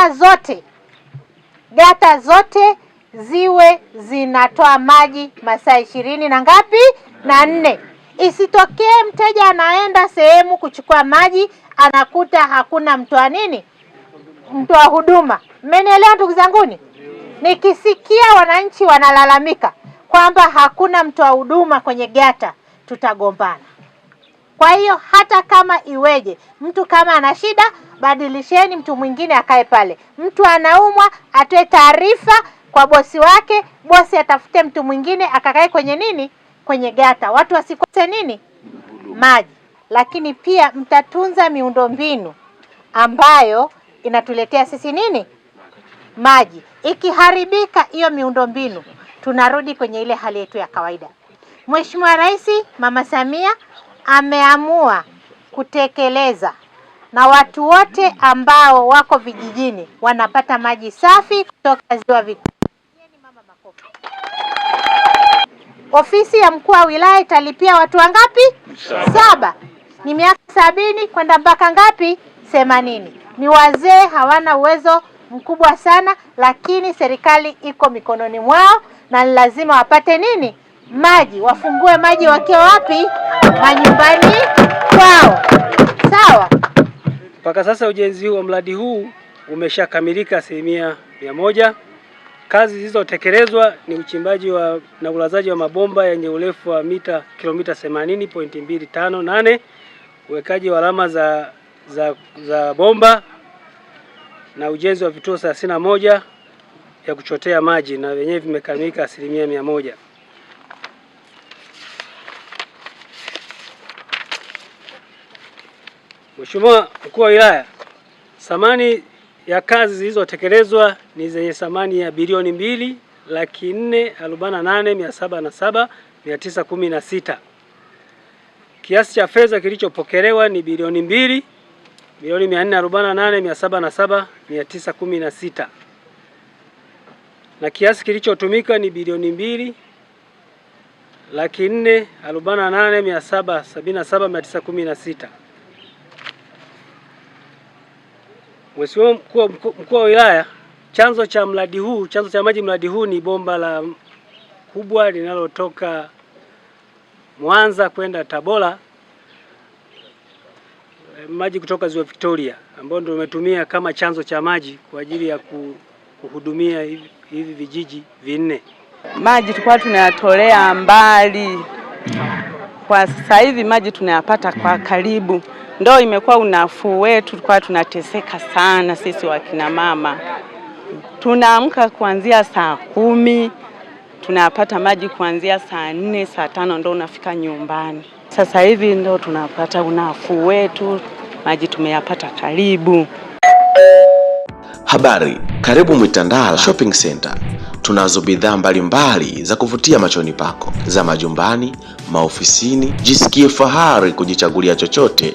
data zote data zote ziwe zinatoa maji masaa ishirini na ngapi na nne. Isitokee mteja anaenda sehemu kuchukua maji anakuta hakuna mtoa nini, wa huduma. Mmenielewa ndugu zanguni? Nikisikia wananchi wanalalamika kwamba hakuna wa huduma kwenye gata, tutagombana. Kwa hiyo hata kama iweje, mtu kama ana shida, badilisheni mtu mwingine akae pale. Mtu anaumwa, atoe taarifa kwa bosi wake, bosi atafute mtu mwingine akakae kwenye nini, kwenye gata, watu wasikose nini, maji. Lakini pia mtatunza miundombinu ambayo inatuletea sisi nini, maji. Ikiharibika hiyo miundombinu, tunarudi kwenye ile hali yetu ya kawaida. Mheshimiwa Rais Mama Samia ameamua kutekeleza na watu wote ambao wako vijijini wanapata maji safi kutoka ziwa Victoria. Ofisi ya mkuu wa wilaya italipia watu wangapi? Saba, saba. Ni miaka sabini kwenda mpaka ngapi? Themanini. Ni wazee, hawana uwezo mkubwa sana, lakini serikali iko mikononi mwao na ni lazima wapate nini? Maji. Wafungue maji wakiwa wapi? manyumbani kwao. Sawa. Mpaka sasa ujenzi wa mradi huu umeshakamilika asilimia mia moja. Kazi zilizotekelezwa ni uchimbaji wa na ulazaji wa mabomba yenye urefu wa mita kilomita 80.258, uwekaji wa alama za, za, za bomba na ujenzi wa vituo 31 ya kuchotea maji na vyenyewe vimekamilika asilimia mia moja. Mheshimiwa Mkuu wa Wilaya, thamani ya kazi zilizotekelezwa ni zenye thamani ya bilioni mbili laki nne arobaini na nane mia saba na saba mia tisa kumi na sita. Kiasi cha fedha kilichopokelewa ni bilioni mbili milioni mia nne arobaini na nane mia saba na saba mia tisa kumi na sita na kiasi kilichotumika ni bilioni mbili laki nne arobaini na nane mia saba sabini na saba mia tisa kumi na sita. Mheshimiwa mkuu wa wilaya, chanzo cha mradi huu, chanzo cha maji mradi huu ni bomba la kubwa linalotoka Mwanza kwenda Tabora, maji kutoka Ziwa Victoria ambayo ndio umetumia kama chanzo cha maji kwa ajili ya kuhudumia hivi, hivi vijiji vinne. Maji tulikuwa tunayatolea mbali, kwa sasa hivi maji tunayapata kwa karibu ndo imekuwa unafuu wetu. Tulikuwa tunateseka sana sisi wakina mama, tunaamka kuanzia saa kumi tunapata maji kuanzia saa nne saa tano ndo unafika nyumbani. Sasa hivi ndo tunapata unafuu wetu, maji tumeyapata karibu. Habari, karibu Mwitandala Shopping Center. Tunazo bidhaa mbalimbali za kuvutia machoni pako za majumbani, maofisini. Jisikie fahari kujichagulia chochote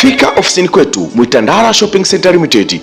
Fika ofisini kwetu Mwitandara Shopping Center Limited